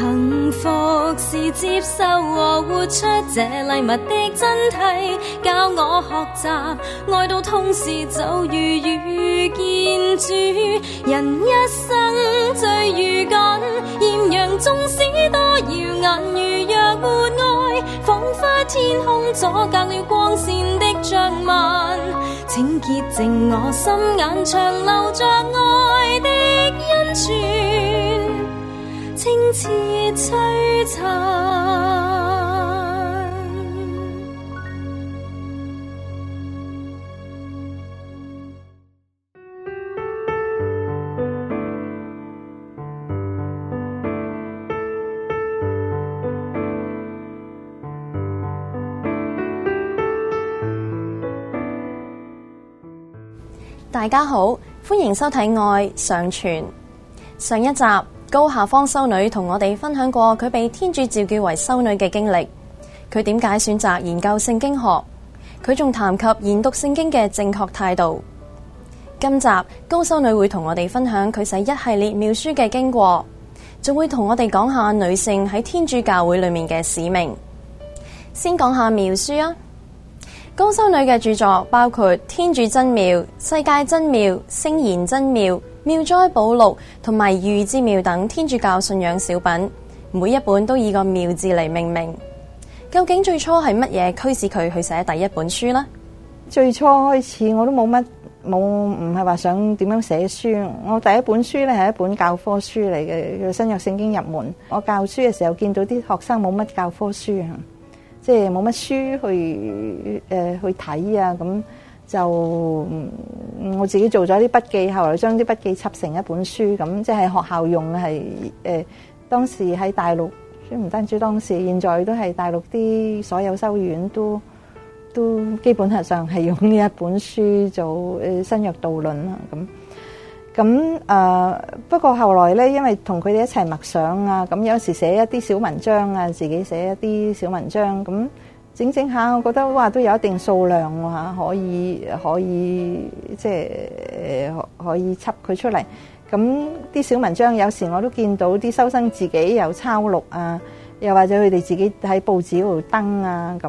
幸福是接受和活出這禮物的真諦，教我學習愛到痛時就如遇見主人一生最如緊，艷陽縱使多耀眼，如若活愛，仿佛天空阻隔了光線的暢漫。請潔淨我心眼，長留着愛的恩泉。大家好，歡迎收睇《愛上傳》上一集。高下方修女同我哋分享過佢被天主召叫為修女嘅經歷，佢點解選擇研究聖經學？佢仲談及研讀聖經嘅正確態度。今集高修女會同我哋分享佢寫一系列妙書嘅經過，仲會同我哋講下女性喺天主教會裏面嘅使命。先講下妙書啊！高修女嘅著作包括《天主真妙》、《世界真妙》、《聖言真妙》。《妙哉寶錄》同埋《御之妙》等天主教信仰小品，每一本都以個“妙”字嚟命名究竟最初係乜嘢驅使佢去寫第一本書呢？最初開始我都冇乜，冇唔係話想點樣寫書。我第一本書咧係一本教科書嚟嘅，《新約聖經入門》。我教書嘅時候見到啲學生冇乜教科書啊，即係冇乜書去誒去睇啊咁。就我自己做咗啲筆記，後來將啲筆記輯成一本書，咁即係學校用係誒當時喺大陸，唔單止當時，現在都係大陸啲所有修院都都基本上係用呢一本書做《新約導論》啦，咁咁誒。不過後來咧，因為同佢哋一齊默想啊，咁有時寫一啲小文章啊，自己寫一啲小文章咁。整整下，我覺得哇都有一定數量喎，可以可以即係誒、呃、可以輯佢出嚟。咁啲小文章有時我都見到啲修生自己又抄錄啊，又或者佢哋自己喺報紙嗰度登啊咁。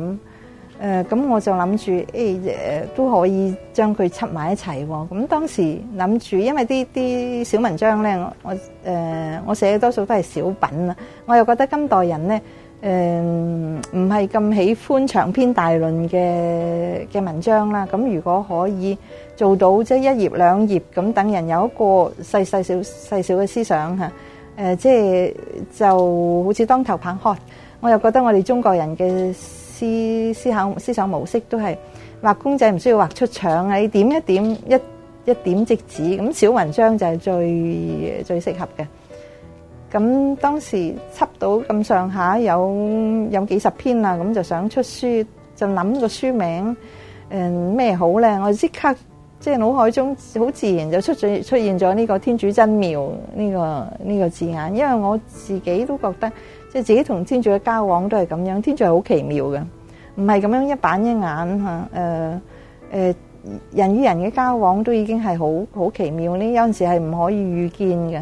誒咁、呃、我就諗住誒都可以將佢輯埋一齊喎、啊。咁當時諗住，因為啲啲小文章咧，我、呃、我誒我寫多數都係小品啊，我又覺得今代人咧。誒唔係咁喜歡長篇大論嘅嘅文章啦，咁如果可以做到即係一頁兩頁咁，等人有一個細細小細小嘅思想嚇，誒即係就好似當頭棒喝。我又覺得我哋中國人嘅思思考思想模式都係畫公仔唔需要畫出腸啊，你點一點一一點即止，咁小文章就係最最適合嘅。咁當時輯到咁上下有有幾十篇啦，咁就想出書就諗個書名，誒、呃、咩好咧？我即刻即係腦海中好自然就出咗出現咗呢個天主真妙呢、這個呢、這個字眼，因為我自己都覺得即係、就是、自己同天主嘅交往都係咁樣，天主係好奇妙嘅，唔係咁樣一板一眼嚇、呃呃。人與人嘅交往都已經係好好奇妙呢有陣時係唔可以預見嘅。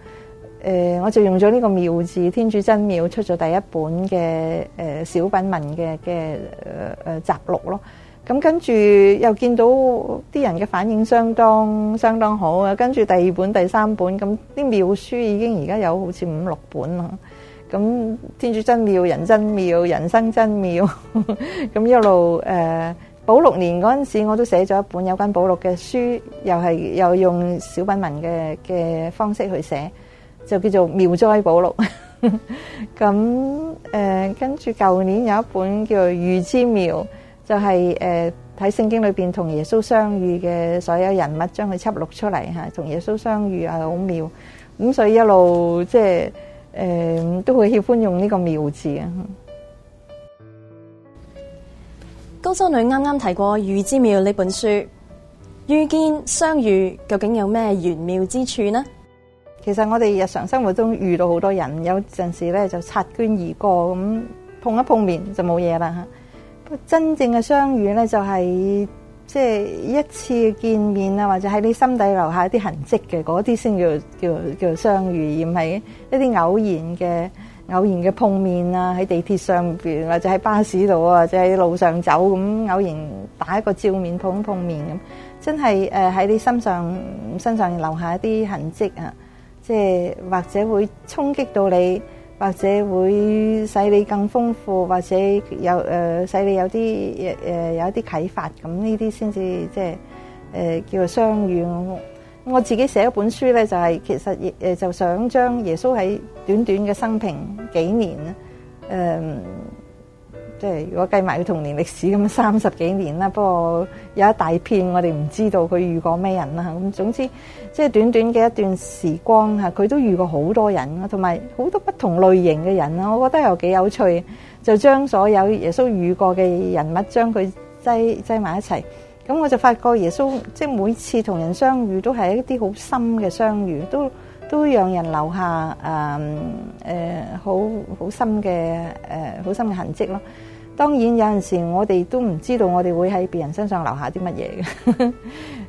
誒，我就用咗呢個妙字，天主真妙出咗第一本嘅誒小品文嘅嘅誒誒雜錄咯。咁跟住又見到啲人嘅反應相當相當好啊。跟住第二本、第三本，咁啲妙書已經而家有好似五六本啦。咁天主真妙、人真妙、人生真妙，咁一路誒保祿年嗰陣時，我都寫咗一本有關保祿嘅書，又係又用小品文嘅嘅方式去寫。就叫做妙哉保祿， 咁、呃、誒跟住舊年有一本叫《遇之妙》，就係誒喺聖經裏邊同耶穌相遇嘅所有人物，將佢輯錄出嚟吓，同耶穌相遇啊好妙，咁所以一路即係誒都會喜歡用呢、這個妙字啊。高修女啱啱提過《遇之妙》呢本書，遇見相遇究竟有咩玄妙之處呢？其實我哋日常生活中遇到好多人，有陣時咧就擦肩而過咁碰一碰面就冇嘢啦。真正嘅相遇咧就係即係一次見面啊，或者喺你心底留下一啲痕跡嘅嗰啲先叫叫叫相遇，而唔係一啲偶然嘅偶然嘅碰面啊，喺地鐵上邊或者喺巴士度啊，或者喺路上走咁偶然打一個照面碰一碰面咁，真係誒喺你身上身上留下一啲痕跡啊！即係或者會衝擊到你，或者會使你更豐富，或者有誒、呃、使你有啲誒、呃、有一啲啟發，咁呢啲先至即係誒叫做相遇。我自己寫一本書咧，就係、是、其實誒就想將耶穌喺短短嘅生平幾年咧誒，嗯即係如果計埋佢童年歷史咁三十幾年啦，不過有一大片我哋唔知道佢遇過咩人啦。咁總之即係短短嘅一段時光嚇，佢都遇過好多人咯，同埋好多不同類型嘅人咯。我覺得又幾有趣，就將所有耶穌遇過嘅人物將佢擠擠埋一齊。咁我就發覺耶穌即係每次同人相遇都係一啲好深嘅相遇都。都讓人留下誒誒好好深嘅誒好深嘅痕跡咯。當然有陣時候我哋都唔知道我哋會喺別人身上留下啲乜嘢嘅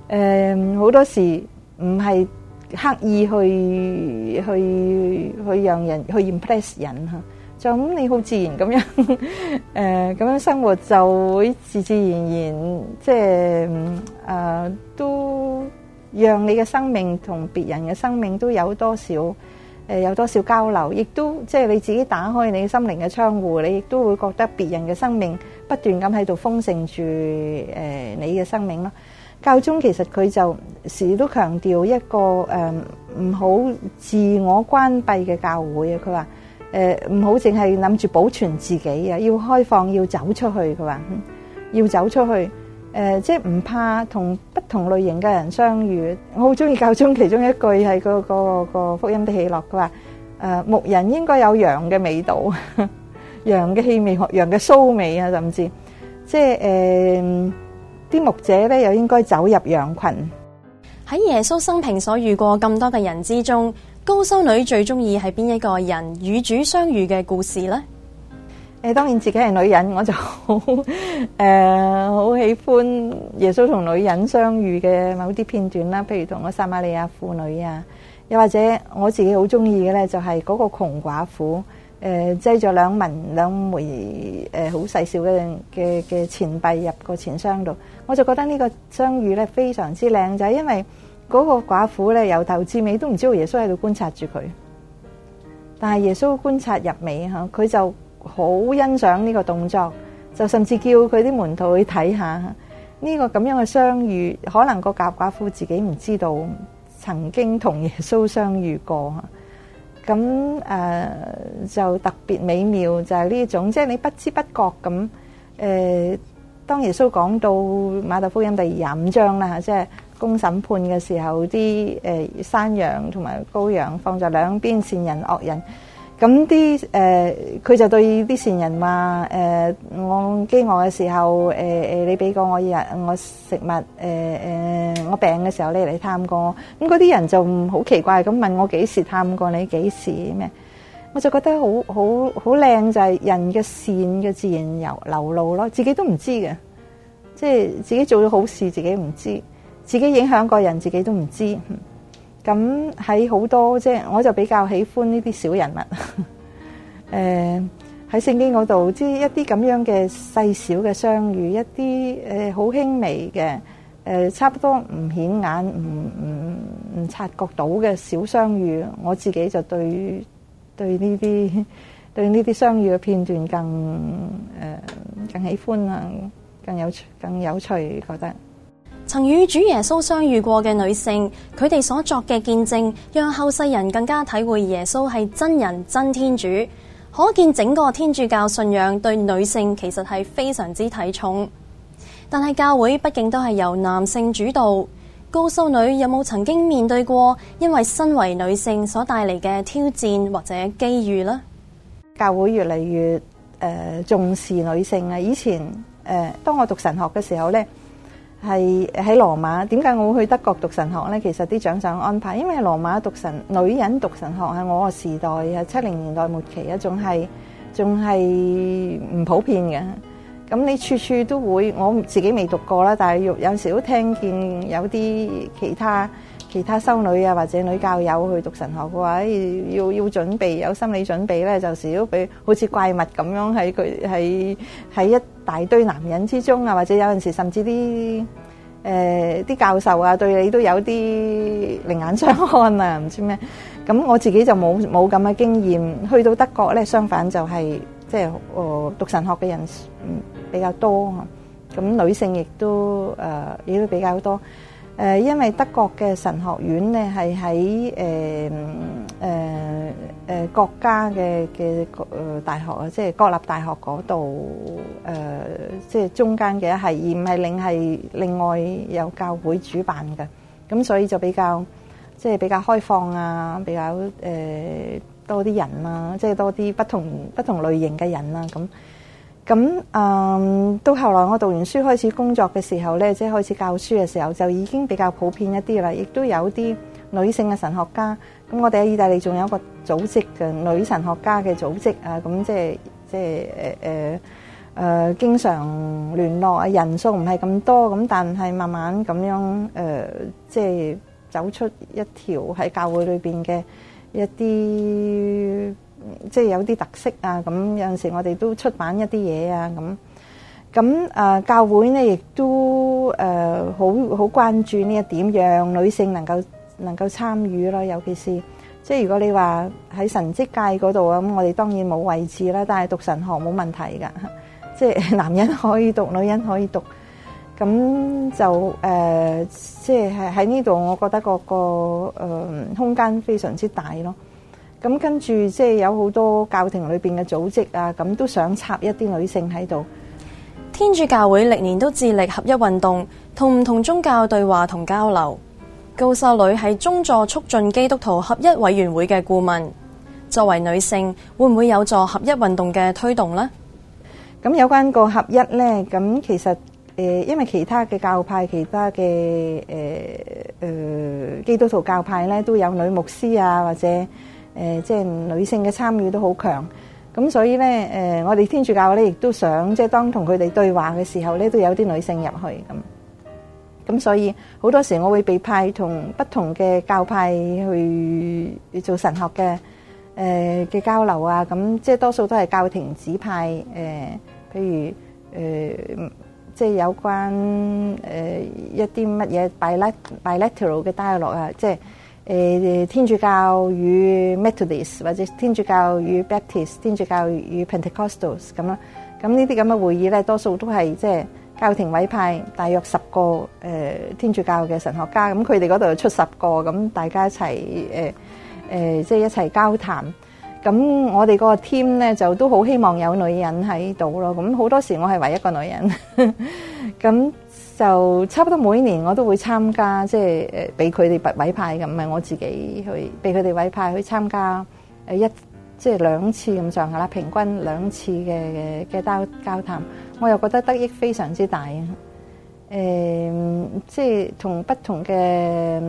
誒，好、嗯、多時唔係刻意去去去讓人去 impress 人吓，就咁你好自然咁樣誒咁、嗯、樣生活就會自自然然即係誒、呃、都。讓你嘅生命同別人嘅生命都有多少誒、呃，有多少交流，亦都即係你自己打開你心靈嘅窗戶，你亦都會覺得別人嘅生命不斷咁喺度豐盛住誒、呃、你嘅生命咯。教宗其實佢就時都強調一個誒呃、唔好自我關閉嘅教會啊。佢話誒唔好淨係諗住保存自己啊，要開放，要走出去。佢話、嗯、要走出去，誒、呃、即係唔怕同。同類型嘅人相遇，我好中意教宗其中一句係嗰個個福音的喜樂，佢話誒牧人應該有羊嘅味道，羊嘅氣味，羊嘅臊味啊，甚至即係誒啲牧者咧又應該走入羊群。喺耶穌生平所遇過咁多嘅人之中，高修女最中意係邊一個人與主相遇嘅故事咧？誒當然自己係女人，我就好誒好喜歡耶穌同女人相遇嘅某啲片段啦。譬如同個撒瑪利亞婦女啊，又或者我自己好中意嘅咧，就係嗰個窮寡婦誒擠咗兩文兩枚誒好細小嘅嘅嘅錢幣入個錢箱度，我就覺得呢個相遇咧非常之靚仔，就係、因為嗰個寡婦咧由頭至尾都唔知道耶穌喺度觀察住佢，但係耶穌觀察入尾嚇佢就。好欣賞呢個動作，就甚至叫佢啲門徒去睇下呢個咁樣嘅相遇，可能嗰個甲寡婦自己唔知道曾經同耶穌相遇過，咁誒、呃、就特別美妙就係、是、呢種，即、就、係、是、你不知不覺咁誒、呃，當耶穌講到馬太福音第二廿五章啦即係公審判嘅時候，啲誒山羊同埋羔羊放在兩邊，善人惡人。咁啲誒，佢、呃、就對啲善人話：誒、呃，我飢餓嘅時候，誒、呃、你俾過我一日我食物，誒、呃、誒、呃，我病嘅時候你嚟探過。咁嗰啲人就好奇怪咁問，我幾時探過你？幾時咩？我就覺得好好好靚就係、是、人嘅善嘅自然流流露咯，自己都唔知嘅，即係自己做咗好事自己唔知，自己影響過人自己都唔知。咁喺好多即係，我就比較喜歡呢啲小人物。喺、 呃、聖經嗰度，即係一啲咁樣嘅細小嘅相遇，一啲呃、好輕微嘅、呃、差不多唔顯眼、唔唔唔察覺到嘅小相遇，我自己就對對呢啲對呢啲相遇嘅片段更、呃、更喜歡啊，更有更有趣覺得。曾與主耶穌相遇過嘅女性，佢哋所作嘅見證，讓後世人更加體會耶穌係真人真天主。可見整個天主教信仰對女性其實係非常之睇重。但係教會畢竟都係由男性主導，高修女有冇曾經面對過因為身為女性所帶嚟嘅挑戰或者機遇呢？教會越嚟越誒、呃、重視女性啊！以前誒、呃，當我讀神學嘅時候咧。係喺羅馬，點解我會去德國讀神學呢？其實啲長上安排，因為羅馬讀神女人讀神學喺我個時代啊，七零年代末期一種係仲係唔普遍嘅。咁你處處都會，我自己未讀過啦，但係有有時都聽見有啲其他。其他修女啊，或者女教友去讀神學嘅話，要要準備有心理準備咧，就少俾好似怪物咁樣喺佢喺喺一大堆男人之中啊，或者有陣時甚至啲誒啲教授啊，對你都有啲另眼相看啊，唔知咩？咁我自己就冇冇咁嘅經驗。去到德國咧，相反就係即係誒讀神學嘅人比較多，咁女性亦都誒亦都比較多。誒，因為德國嘅神學院咧，係喺誒誒誒國家嘅嘅誒大學啊，即係國立大學嗰度誒，即係中間嘅一係，而唔係另係另外有教會主辦嘅，咁所以就比較即係比較開放啊，比較誒多啲人啦，即係多啲不同不同類型嘅人啦，咁。咁誒到後來我讀完書開始工作嘅時候咧，即係開始教書嘅時候，就已經比較普遍一啲啦，亦都有啲女性嘅神學家。咁我哋喺意大利仲有一個組織嘅女神學家嘅組織啊，咁即係即係誒誒誒，經常聯絡啊，人數唔係咁多，咁但係慢慢咁樣誒，即係走出一條喺教會裏邊嘅一啲。即係有啲特色啊，咁有陣時我哋都出版一啲嘢啊。咁咁、呃、教會呢亦都誒，好、呃、好關注呢一點，讓女性能夠能夠參與咯。尤其是即係如果你話喺神職界嗰度啊，咁我哋當然冇位置啦。但係讀神學冇問題噶，即係男人可以讀，女人可以讀。咁就誒、呃，即係喺呢度，我覺得個個誒、呃、空間非常之大咯。咁跟住，即係有好多教廷裏邊嘅組織啊，咁都想插一啲女性喺度。天主教會歷年都致力合一運動，同唔同宗教對話同交流。高秀女係宗座促進基督徒合一委員會嘅顧問，作為女性，會唔會有助合一運動嘅推動咧？咁有關個合一咧，咁其實誒、呃，因為其他嘅教派，其他嘅誒誒，基督徒教派咧都有女牧師啊，或者。誒，即係女性嘅參與都好強，咁所以咧，誒，我哋天主教咧亦都想，即係當同佢哋對話嘅時候咧，都有啲女性入去咁。咁所以好多時我會被派同不同嘅教派去做神學嘅誒嘅交流啊，咁即係多數都係教廷指派誒，譬如誒，即係有關誒一啲乜嘢 bilateral 嘅 dialogue 啊，即係。誒天主教與 Methodist 或者天主教與 Baptist、天主教與 Pentecostals 咁咯，咁呢啲咁嘅會議咧，多數都係即係教廷委派大約十個誒、呃、天主教嘅神學家，咁佢哋嗰度出十個，咁大家一齊誒誒，即、呃、係、呃就是、一齊交談。咁我哋個 team 咧就都好希望有女人喺度咯，咁好多時我係唯一個女人，咁。就差不多每年我都會參加，即係誒俾佢哋委派咁，唔係我自己去，俾佢哋委派去參加誒一即係、就是、兩次咁上下啦，平均兩次嘅嘅嘅交交談，我又覺得得益非常之大啊！誒、呃，即係同不同嘅誒、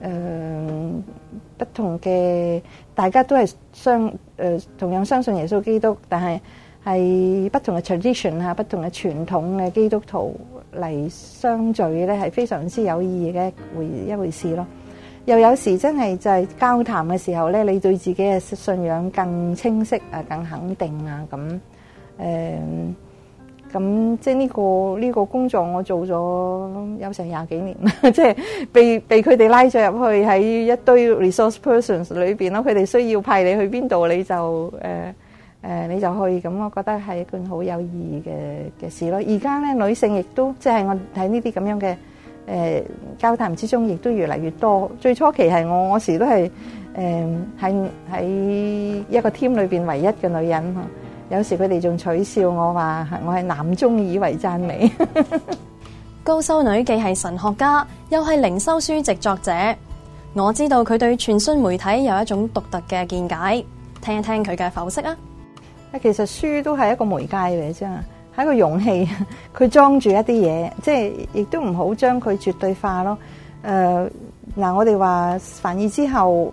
呃、不同嘅大家都係相誒、呃、同樣相信耶穌基督，但係。係不同嘅 tradition 不同嘅傳統嘅基督徒嚟相聚咧，係非常之有意義嘅一回一回事咯。又有時真係就係交談嘅時候咧，你對自己嘅信仰更清晰啊，更肯定啊咁。誒，咁、呃、即係、呢、呢個呢、呢個工作我做咗有成廿幾年，即係被被佢哋拉咗入去喺一堆 resource persons 裏邊咯。佢哋需要派你去邊度，你就誒。呃誒，你就可以咁，我覺得係一件好有意義嘅嘅事咯。而家咧，女性亦都即係、就是、我睇呢啲咁樣嘅誒、呃、交談之中，亦都越嚟越多。最初期係我，我時都係誒喺喺一個 team 裏邊唯一嘅女人。有時佢哋仲取笑我話：我係男中以為讚美。 高修女既係神學家，又係靈修書籍作者，我知道佢對傳訊媒體有一種獨特嘅見解。聽一聽佢嘅剖析啊！其實書都係一個媒介嚟啫，係一個容器，佢裝住一啲嘢，即係亦都唔好將佢絕對化咯。呃，嗱，我哋話凡爾之後，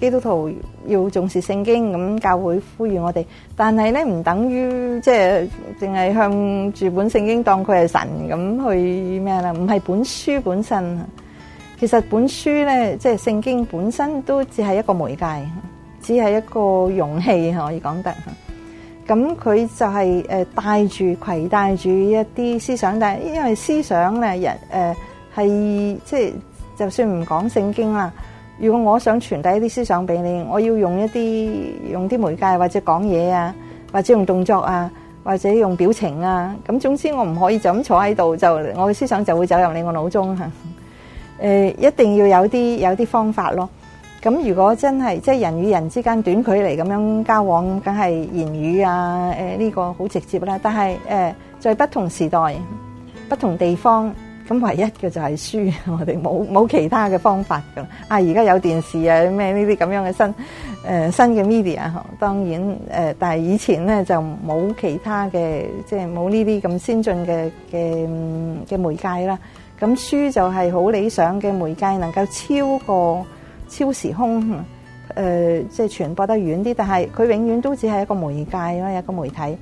基督徒要重視聖經，咁教會呼籲我哋，但係咧唔等於即係淨係向住本聖經當佢係神咁去咩啦？唔係本書本身。其實本書咧，即係聖經本身都只係一個媒介，只係一個容器可以講得。咁佢就係誒帶住攜帶住一啲思想，但係因為思想咧人，誒係即係就算唔講聖經啦，如果我想傳遞一啲思想俾你，我要用一啲用啲媒介，或者講嘢啊，或者用動作啊，或者用表情啊，咁總之我唔可以就咁坐喺度，就我嘅思想就會走入你個腦中吓，誒、 呃、一定要有啲有啲方法咯。咁如果真係即係人與人之間短距離咁樣交往，梗係言語啊，誒呢個好直接啦。但係誒，在不同時代、不同地方，咁唯一嘅就係書，我哋冇冇其他嘅方法㗎。啊，而家有電視啊，咩呢啲咁樣嘅新誒新嘅 media 嗬，當然誒，但係以前咧就冇其他嘅，即係冇呢啲咁先進嘅嘅嘅媒介啦。咁書就係好理想嘅媒介，能夠超過。超時空，誒、呃、即係傳播得遠啲，但係佢永遠都只係一個媒介咯，一個媒體。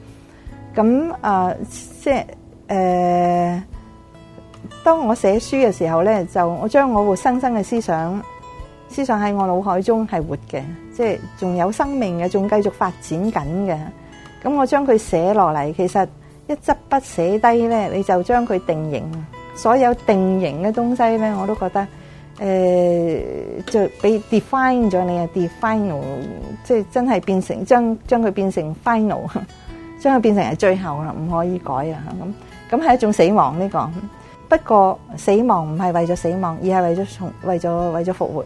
咁啊、呃，即係誒、呃，當我寫書嘅時候咧，就我將我活生生嘅思想，思想喺我腦海中係活嘅，即係仲有生命嘅，仲繼續發展緊嘅。咁我將佢寫落嚟，其實一執筆寫低咧，你就將佢定型。所有定型嘅東西咧，我都覺得。誒、呃、就俾 define 咗你啊 define 即係真係變成將將佢變成 final， 將佢變成係最後啦，唔可以改啊！咁咁係一種死亡呢、呢個。不過死亡唔係為咗死亡，而係為咗從為咗為咗復活。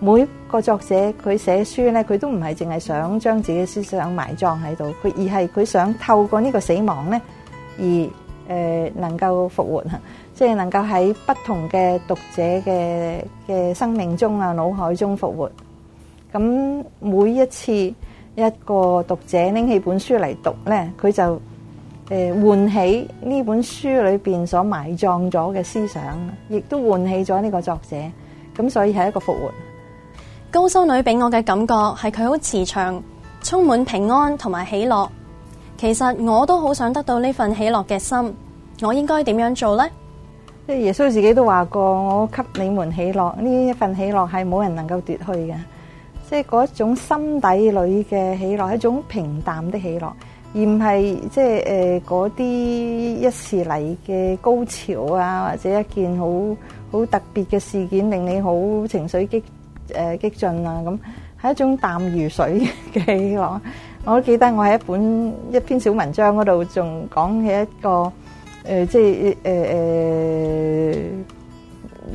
每個作者佢寫書咧，佢都唔係淨係想將自己思想埋葬喺度，佢而係佢想透過呢個死亡咧而。誒，能夠復活即係能夠喺不同嘅讀者嘅嘅生命中、啊、腦海中復活。咁每一次一個讀者拎起本書嚟讀呢，佢就誒喚起呢本書裏邊所埋葬咗嘅思想，亦都喚起咗呢個作者。咁所以係一個復活。高修女俾我嘅感覺係佢好慈祥，充滿平安同埋喜樂。其實我都好想得到呢份喜樂嘅心，我應該點樣做呢？即係耶穌自己都話過，我給你們喜樂，呢一份喜樂係冇人能夠奪去嘅，即係嗰種心底裏嘅喜樂，係一種平淡的喜樂，而唔係即係誒嗰啲一時嚟嘅高潮啊，或者一件好好特別嘅事件令你好情緒激誒激進啊，咁係一種淡如水嘅喜樂。我都記得我喺一本一篇小文章嗰度，仲講起一個誒，即係誒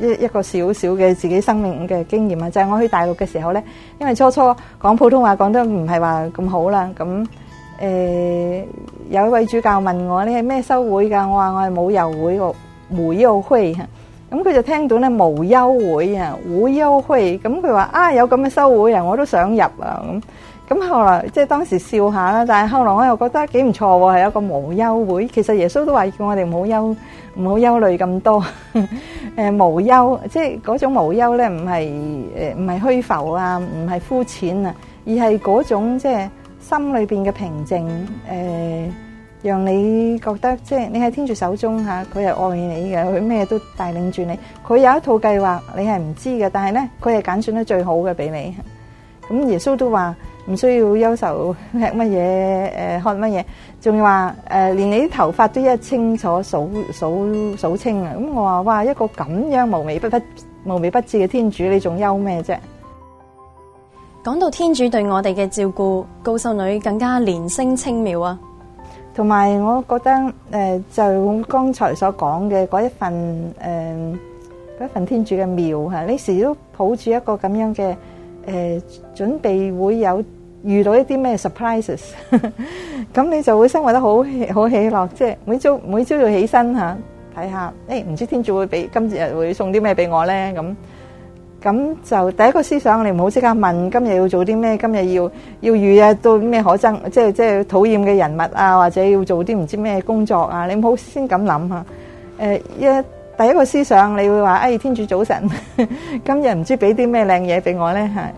誒一一個少少嘅自己生命嘅經驗啊！就係我去大陸嘅時候咧，因為初初講普通話講得唔係話咁好啦，咁誒有一位主教問我你係咩修會噶，我話我係母佑會個母佑會，咁佢就聽到咧無憂會啊無憂會，咁佢話啊有咁嘅修會啊，我都想入啊咁。咁後來即係當時笑下啦，但係後來我又覺得幾唔錯喎，係一個無憂會。其實耶穌都話叫我哋唔好憂，唔好憂慮咁多。誒，無憂即係嗰種無憂咧，唔係誒唔係虛浮啊，唔係膚淺啊，而係嗰種即係心裏邊嘅平靜。誒，讓你覺得即係你喺天主手中吓，佢係愛你嘅，佢咩都帶領住你。佢有一套計劃，你係唔知嘅，但係咧佢係揀選得最好嘅俾你。咁耶穌都話。唔需要憂愁吃乜嘢，誒，看乜嘢，仲要話誒，連你啲頭髮都一清楚數數數清啊！咁我話，哇，一個咁樣無微不不無微不至嘅天主，你仲憂咩啫？講到天主對我哋嘅照顧，高壽女更加連聲清妙啊！同埋，我覺得誒，就剛才所講嘅嗰一份，誒，嗰一份天主嘅妙吓，呢時都抱住一個咁樣嘅。誒，準備會有遇到一啲咩 surprises，咁你就會生活得好好喜樂，即係每朝每朝要起身吓，睇下誒，唔知天主會俾今日會送啲咩俾我咧？咁咁就第一個思想，你唔好即刻問，今日要做啲咩，今日要要遇到咩可憎，即係即係討厭嘅人物啊，或者要做啲唔知咩工作啊，你唔好先咁諗吓，誒一。第一個思想你會話，哎，天主早晨，今日唔知俾啲咩靚嘢俾我咧吓，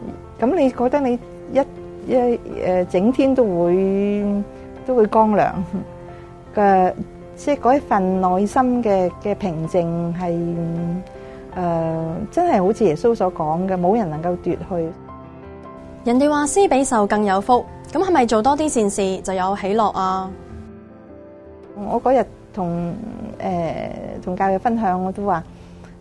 咁你覺得你一一誒整天都會都會光亮嘅，即係嗰一份內心嘅嘅平靜係誒真係好似耶穌所講嘅，冇人能夠奪去。人哋話施比受更有福，咁係咪做多啲善事就有喜樂啊？我嗰日。同誒同教友分享我都話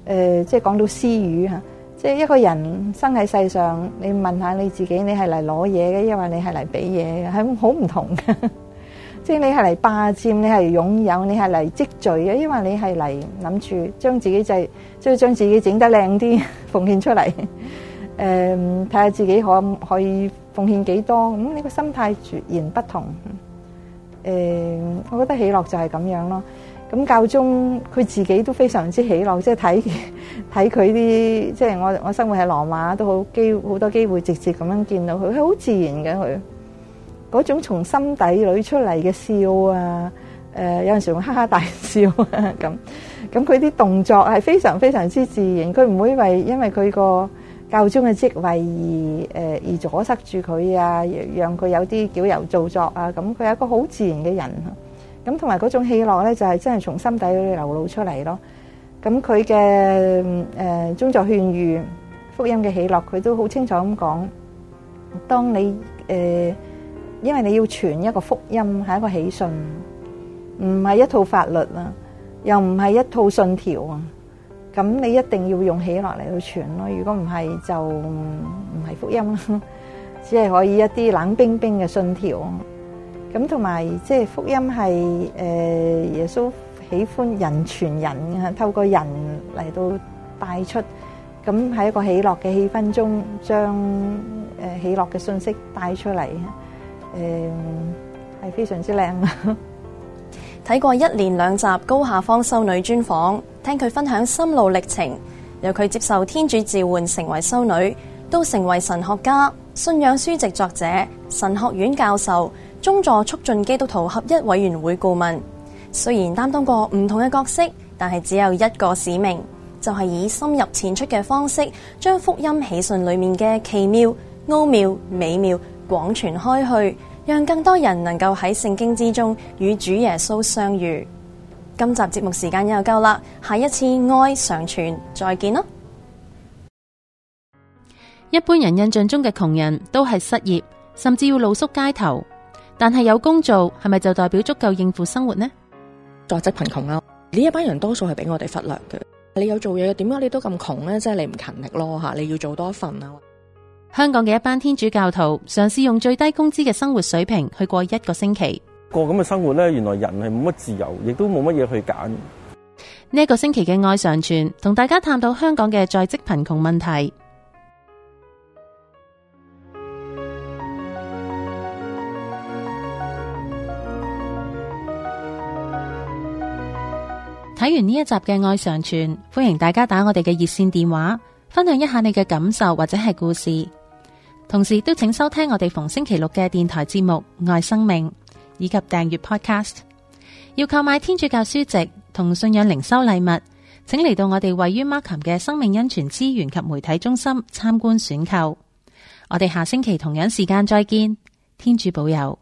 誒，即係講到私語嚇，即係一個人生喺世上，你問下你自己，你係嚟攞嘢嘅，因為你係嚟俾嘢嘅，係好唔同嘅。即係你係嚟霸佔，你係擁有，你係嚟積聚嘅，因為你係嚟諗住將自己就即係將自己整得靚啲，奉獻出嚟。誒，睇下自己可唔可以奉獻幾多，咁你個心態絕然不同。誒，我覺得喜樂就係咁樣咯。咁教宗佢自己都非常之喜樂，即係睇睇佢啲，即係我我生活喺羅馬都好機好多機會直接咁樣見到佢，佢好自然嘅佢嗰種從心底裏出嚟嘅笑啊。誒，有陣時會哈哈大笑啊，咁咁佢啲動作係非常非常之自然，佢唔會為因為佢個。教宗嘅職位而誒而阻塞住佢啊，讓佢有啲矯揉造作啊，咁佢係一個好自然嘅人，咁同埋嗰種喜樂咧就係真係從心底裏流露出嚟咯。咁佢嘅誒宗座勸諭福音嘅喜樂，佢都好清楚咁講，當你誒因為你要傳一個福音係一個喜訊，唔係一套法律啊，又唔係一套信條啊。咁你一定要用喜樂嚟到傳咯，如果唔係就唔係福音啦，只係可以一啲冷冰冰嘅信條。咁同埋即係福音係誒耶穌喜歡人傳人啊，透過人嚟到帶出。咁喺一個喜樂嘅氣氛中，將誒喜樂嘅信息帶出嚟，誒係非常之靚啦。睇過一連兩集《高下方修女專訪》。聽佢分享心路歷程，由佢接受天主召喚成為修女，都成為神學家、信仰書籍作者、神學院教授、宗座促進基督徒合一委員會顧問。雖然擔當過唔同嘅角色，但係只有一個使命，就係以深入淺出嘅方式，將福音喜訊裏面嘅奇妙、奧妙、美妙廣傳開去，讓更多人能夠喺聖經之中與主耶穌相遇。今集節目時間又夠啦，下一次愛常存再見咯。一般人印象中嘅窮人都係失業，甚至要露宿街頭，但係有工做係咪就代表足夠應付生活呢？在職貧窮啊！呢一班人多數係俾我哋忽略嘅。你有做嘢嘅，點解你都咁窮呢？即係你唔勤力咯吓，你要做多份啊！香港嘅一班天主教徒嘗試用最低工資嘅生活水平去過一個星期。過咁嘅生活呢，原來人係冇乜自由，亦都冇乜嘢去揀。呢一個星期嘅愛常傳，同大家探討香港嘅在職貧窮問題。睇完呢一集嘅愛常傳，歡迎大家打我哋嘅熱線電話，分享一下你嘅感受或者係故事。同時都請收聽我哋逢星期六嘅電台節目《愛生命》。以及訂閱 Podcast。要購買天主教書籍同信仰靈修禮物，請嚟到我哋位於 Markham 嘅生命恩泉資源及媒體中心參觀選購。我哋下星期同樣時間再見，天主保佑。